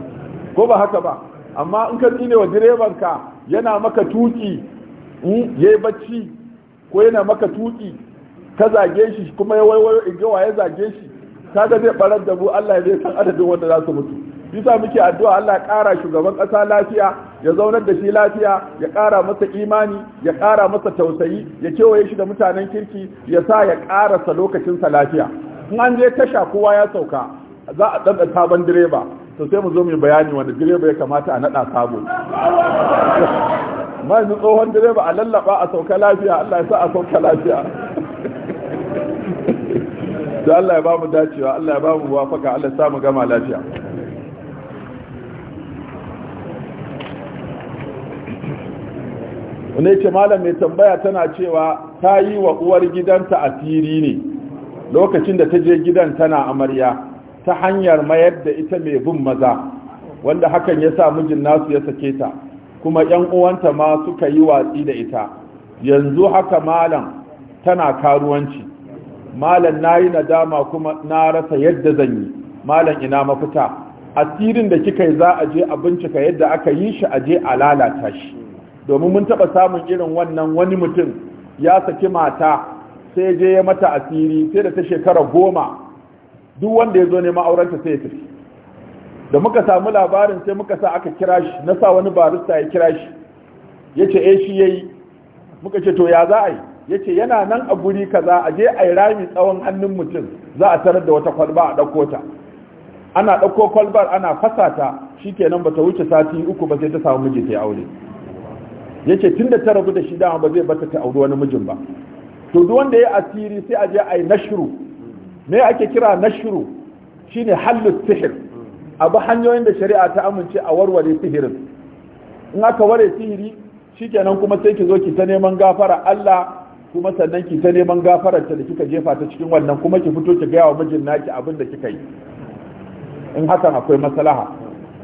ko ba haka ba amma in ka tsine wa direban ka yana maka tuki hmm, yayi bacci ko yana maka tuki ka zage shi kuma ya waiwayo in gawa ya zage shi kaga zai barar da mu Allah ya san adadin wanda za su mutu bisa muke addu'a Allah ya ƙara shugaban ƙasa lafiya ya zaunar da shi lafiya ya ƙara masa imani ya ƙara masa tausayi ya kewaye shi da mutanen kirki ya sa ya ƙarasa sa lafiya in an je tasha kowa ya sauka za a ɗanɗa sabon direba to sai mu zo mu bayani wanda direba ya kamata a nada sabo mai ni tsohon direba a lallaba a sauka lafiya Allah ya sa a sauka lafiya da Allah ya ba mu dacewa Allah ya ba mu wafaka Allah ya sa mu gama lafiya wani ce malam mai tambaya tana cewa ta yi wa uwar gidanta asiri ne lokacin da ta je gidan tana amarya ta hanyar mayar da ita mai bin maza wanda hakan ya sa mijin nasu ya sake ta kuma yan uwanta ma suka yi watsi da ita yanzu haka malam tana karuwanci malam na nayi nadama kuma na rasa yadda zan yi malam ina mafita asirin da kika yi za a je a bincika yadda aka yi shi a je a lalata shi domin mun taɓa samun irin wannan wani mutum ya saki mata sai je ya mata asiri sai da ta shekara goma duk wanda ya zo neman aurenta sai ya tafi da muka samu labarin sai muka sa aka kira shi na sa wani barista ya kira shi ya ce eh shi ya yi muka ce to ya za a yi ya ce yana nan a guri kaza a je a yi rami tsawon hannun mutum za a tarar da wata kwalba a ɗauko ta ana ɗauko kwalbar ana fasa ta shi kenan ba ta wuce sati uku ba sai ta samu miji ta yi aure ya ce tun da ta rabu da shi dama ba zai bata ta auri wani mijin ba to duk wanda ya yi asiri sai a je a yi nashiru me ake kira na nashru shine hallu sihir abu hanyoyin da shari'a ta amince a warware sihirin in aka ware sihiri shikenan kuma sai ki zo ki ta neman gafara Allah kuma sannan ki ta neman gafarar ta da kika jefa ta cikin wannan kuma ki fito ki gaya wa mijin naki abin da kika yi in hakan akwai maslaha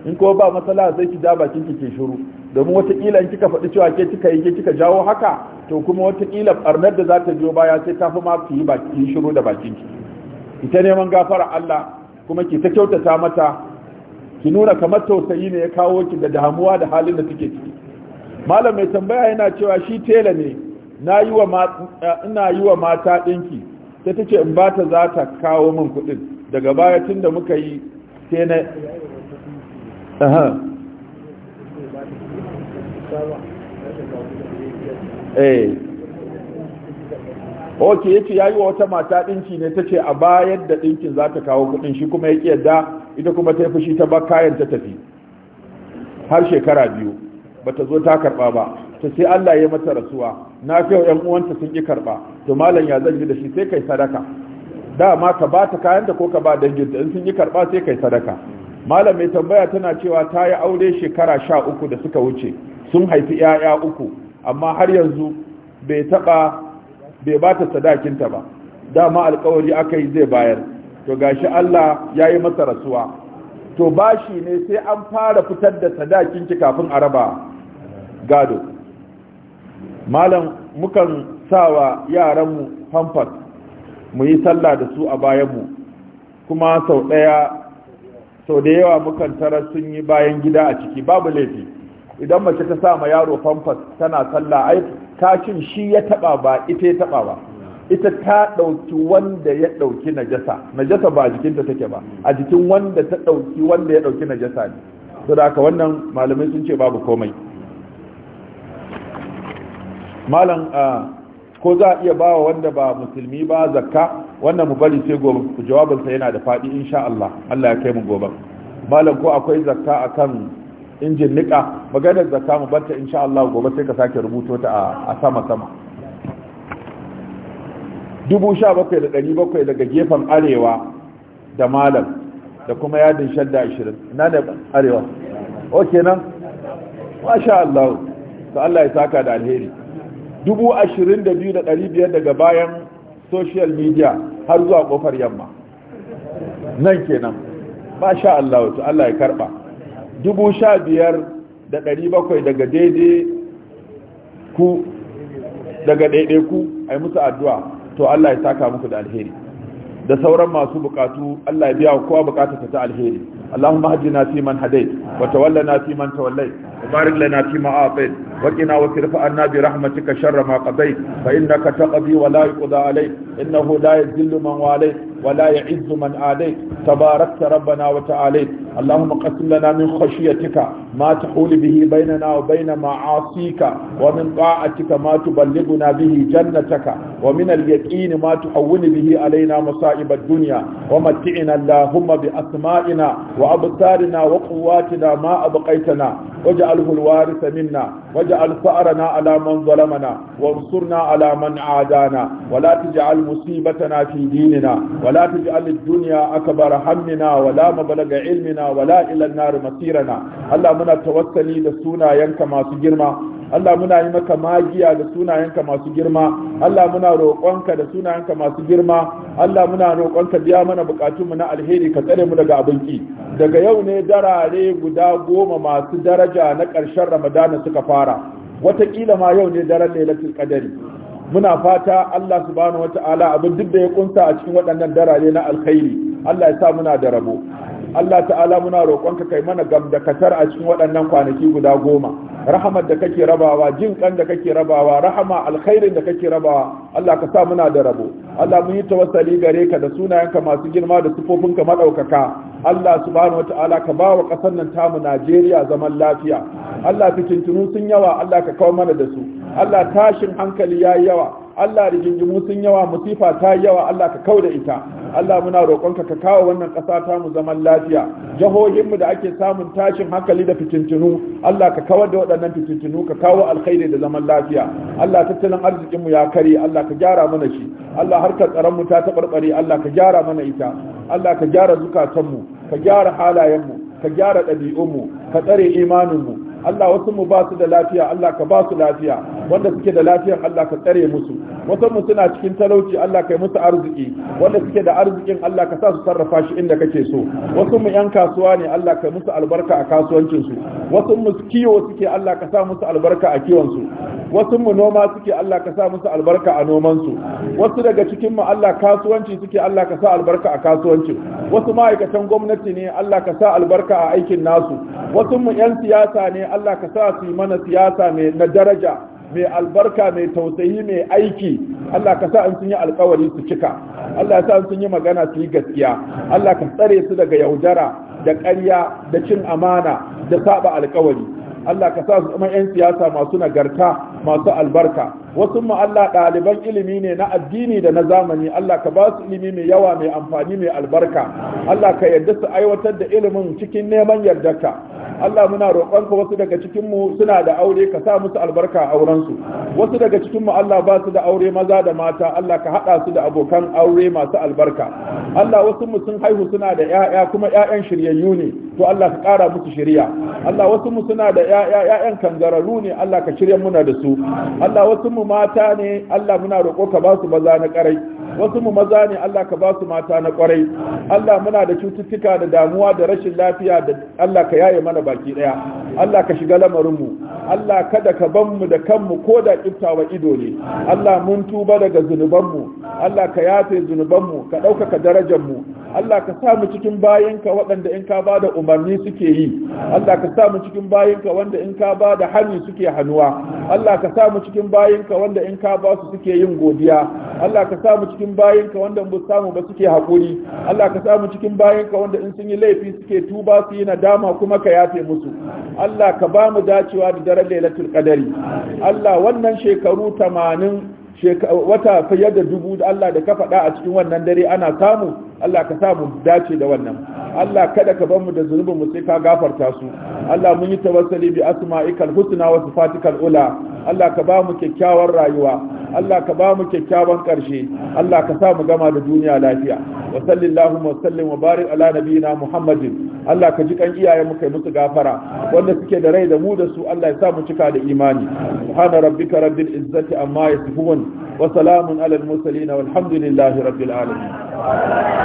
in ko ba maslaha sai ki ja bakin ki ke shiru domin kila in kika faɗi cewa ke kika yi ke kika jawo haka to kuma wata kila barnar da za ta biyo baya sai ta fi ma ki yi baki shiru da bakin ki ki ta neman gafara Allah kuma ki ta kyautata mata ki nuna kamar tausayi ne ya kawo ki da damuwa da halin da take ciki malam mai tambaya yana cewa shi tela ne na yi wa ina yi wa mata dinki ta tace in ba ta za ta kawo min kuɗin daga baya tunda muka yi sai na eh oke ya ce ya yi wa wata mata ɗinki ne ta ce a bayar da ɗinkin za ta kawo kuɗin shi kuma ya yadda ita kuma ta yi fushi ta ba kayan ta tafi har shekara biyu ba ta zo ta karɓa ba ta sai Allah ya mata rasuwa na fiye yan uwanta sun ƙi karɓa to malam ya zan ji da shi sai kai sadaka da ma ka ba ta kayanta ko ka ba danginta in sun yi karɓa sai kai sadaka malam mai tambaya tana cewa ta yi aure shekara sha uku da suka wuce sun haifi 'ya'ya uku amma har yanzu bai taɓa bai ba ta sadakinta ba dama alkawari aka yi zai bayar to gashi Allah ya yi masa rasuwa to bashi ne sai an fara fitar da sadakin ki kafin a raba gado malam mukan sawa yaranmu famfas mu yi sallah da su a bayanmu kuma sau daya sau da yawa mukan tara sun yi bayan gida a ciki babu laifi idan mace ta sa ma yaro famfas tana sallah aiki kashin shi ya taba ba ita ya taba ba ita ta ɗauki wanda ya ɗauki najasa najasa ba a jikinta take ba a jikin wanda ta ɗauki wanda ya dauki najasa ne saboda haka wannan malamai sun ce babu komai malam ko za a iya bawa wanda ba musulmi ba zakka wannan mu bari sai gobe jawabinsa yana da faɗi insha Allah Allah ya kai mu gobe malam ko akwai zakka akan injin nika maganar da mu barta insha Allah gobe sai ka sake rubuto ta a sama sama 17,700 daga gefen arewa da malam da kuma yadin shadda 20 na da arewa O nan masha Allah to Allah ya saka da alheri 22,500 daga bayan social media har zuwa kofar yamma nan kenan masha Allah to Allah ya karba dubu sha biyar da ɗari bakwai daga daidai ku daga daidai ku a yi musu addu'a to Allah ya taka muku da alheri da sauran masu bukatu Allah ya biya kowa bukatarsa ta alheri اللهم اهدنا فيمن هديت وتولنا فيمن توليت وبارك لنا فيما أعطيت وقنا واصرف عنا برحمتك شر ما قضيت فإنك تقضي ولا يقضى عليك إنه لا يذل من واليت ولا يعز من آليت تباركت ربنا وتعاليت اللهم قسم لنا من خشيتك ما تحول به بيننا وبين معاصيك ومن طاعتك ما تبلغنا به جنتك ومن اليقين ما تحول به علينا مصائب الدنيا ومتعنا اللهم بأسمائنا وأبصارنا وقواتنا ما أبقيتنا واجعله الوارث منا واجعل ثأرنا على من ظلمنا وانصرنا على من عادانا ولا تجعل مصيبتنا في ديننا ولا تجعل الدنيا أكبر همنا ولا مبلغ علمنا ولا إلى النار مصيرنا اللهم نتوسلي دسونا ينكما سجرما Allah muna yi maka magiya da sunayenka masu girma Allah muna roƙonka da sunayenka masu girma Allah muna roƙonka biya mana buƙatunmu na alheri ka tsare mu daga abinki daga yau ne darare guda goma masu daraja na ƙarshen Ramadana suka fara wataƙila ma yau ne daren lailatul qadari muna fata Allah subhanahu wataala abin duk da ya kunsa a cikin waɗannan darare na alkhairi Allah ya sa muna da rabo Allah ta'ala muna roƙonka kai mana kasar a cikin waɗannan kwanaki guda goma rahamar da kake rabawa jin kan da kake rabawa rahama alkhairin da kake rabawa Allah ka sa muna da rabo Allah mun yi tawassali gare ka da sunayenka masu girma da sifofinka madaukaka Allah subhanahu wataala ka ba wa ƙasar nan ta mu Najeriya zaman lafiya Allah fitintunu sun yawa Allah ka kawo mana da su Allah tashin hankali yayi yawa Allah rigingimu sun yawa musifa ta yawa Allah ka kau da ita Allah muna roƙonka ka kawo wannan ƙasa ta mu zaman lafiya jahohinmu da ake samun tashin hankali da fitintunu. Allah ka kawar da waɗannan fitintunu ka kawo alkhairi da zaman lafiya Allah tattalin arzikinmu ya kare Allah ka gyara mana shi Allah harkar tsaron mu ta taɓarɓare Allah ka gyara mana ita Allah ka gyara zukatanmu ka gyara halayenmu ka gyara ɗabi'unmu ka tsare imaninmu Allah wasu mu ba su da lafiya Allah ka ba su lafiya wanda suke da lafiyan Allah ka tsare musu wasu mu suna cikin talauci Allah ka yi musu arziki wanda suke da arzikin Allah ka sa su sarrafa shi inda kake so wasu mu yan kasuwa ne Allah ka musu albarka a kasuwancin su wasu mu kiwo suke Allah ka sa musu albarka a kiwon su wasu mu noma suke Allah ka sa musu albarka a noman su wasu daga cikin mu Allah kasuwanci suke Allah ka sa albarka a kasuwancin wasu ma'aikatan gwamnati ne Allah ka sa albarka a aikin nasu wasu mu yan siyasa ne Allah ka sa su yi mana siyasa mai na daraja mai albarka mai tausayi mai aiki Allah ka sa in sun yi alkawari su cika Allah sa sun yi magana su yi gaskiya Allah ka tsare su daga yaudara da ƙarya da cin amana da saba alkawari Allah ka sa su zama 'yan siyasa masu nagarta masu albarka wasu mu Allah ɗaliban ilimi ne na addini da na zamani Allah ka ba su ilimi mai yawa mai amfani mai albarka Allah ka yarda su aiwatar da ilimin cikin neman yardarka Allah muna ka wasu daga cikin mu suna da aure ka sa musu albarka a auren su wasu daga cikin mu Allah ba su da aure maza da mata Allah ka haɗa su da abokan aure masu albarka Allah wasu mu sun haihu suna da ƴaƴa kuma ƴaƴan shiryayyu ne to Allah ka ƙara musu shari'a Allah wasu mu suna da ƴaƴan kangararu ne Allah ka shirya muna da su Allah wasu mu mata ne Allah muna roƙo ka ba su maza na ƙarai wasu mu maza ne Allah ka ba su mata na kwarai Allah muna da cututtuka da damuwa da rashin lafiya da Allah ka yaye mana baki daya Allah ka shiga lamarin mu. Allah kada ka ban mu da kanmu ko da kiftawa ido ne Allah mun tuba daga zunuban mu. Allah ka yafe zunuban mu. ka ɗaukaka mu. Allah ka sa mu cikin ka waɗanda in ka ba da umarni suke yi Allah ka sa mu cikin ka wanda in ka ba da suke hannuwa Allah ka sa mu cikin ka wanda in ka ba su suke yin godiya Allah ka sa mu cikin bayinka wanda ba samu ba suke haƙuri Allah ka samu cikin bayinka wanda in sun yi laifi suke tuba su yi nadama kuma ka yafe musu Allah ka ba mu dacewa da daren lailatul qadari Allah wannan shekaru 80 wata fiye da dubu da Allah da ka faɗa a cikin wannan dare ana samu Allah ka sa mu dace da wannan Allah kada ka bar mu da zunubin mu sai ka gafarta su Allah mun yi tawassuli bi asma'ikal husna wa sifatikal ula Allah ka ba mu kyakkyawar rayuwa Allah ka ba mu kyakkyawan karshe Allah ka sa mu gama da duniya lafiya wa sallallahu wa sallim wa barik ala nabiyina muhammadin Allah ka ji kan iyayen mu kai musu gafara wanda suke da rai da mu da su Allah ya sa mu cika da imani subhana rabbika rabbil izzati amma yasifun wa salamun alal mursalin walhamdulillahi rabbil alamin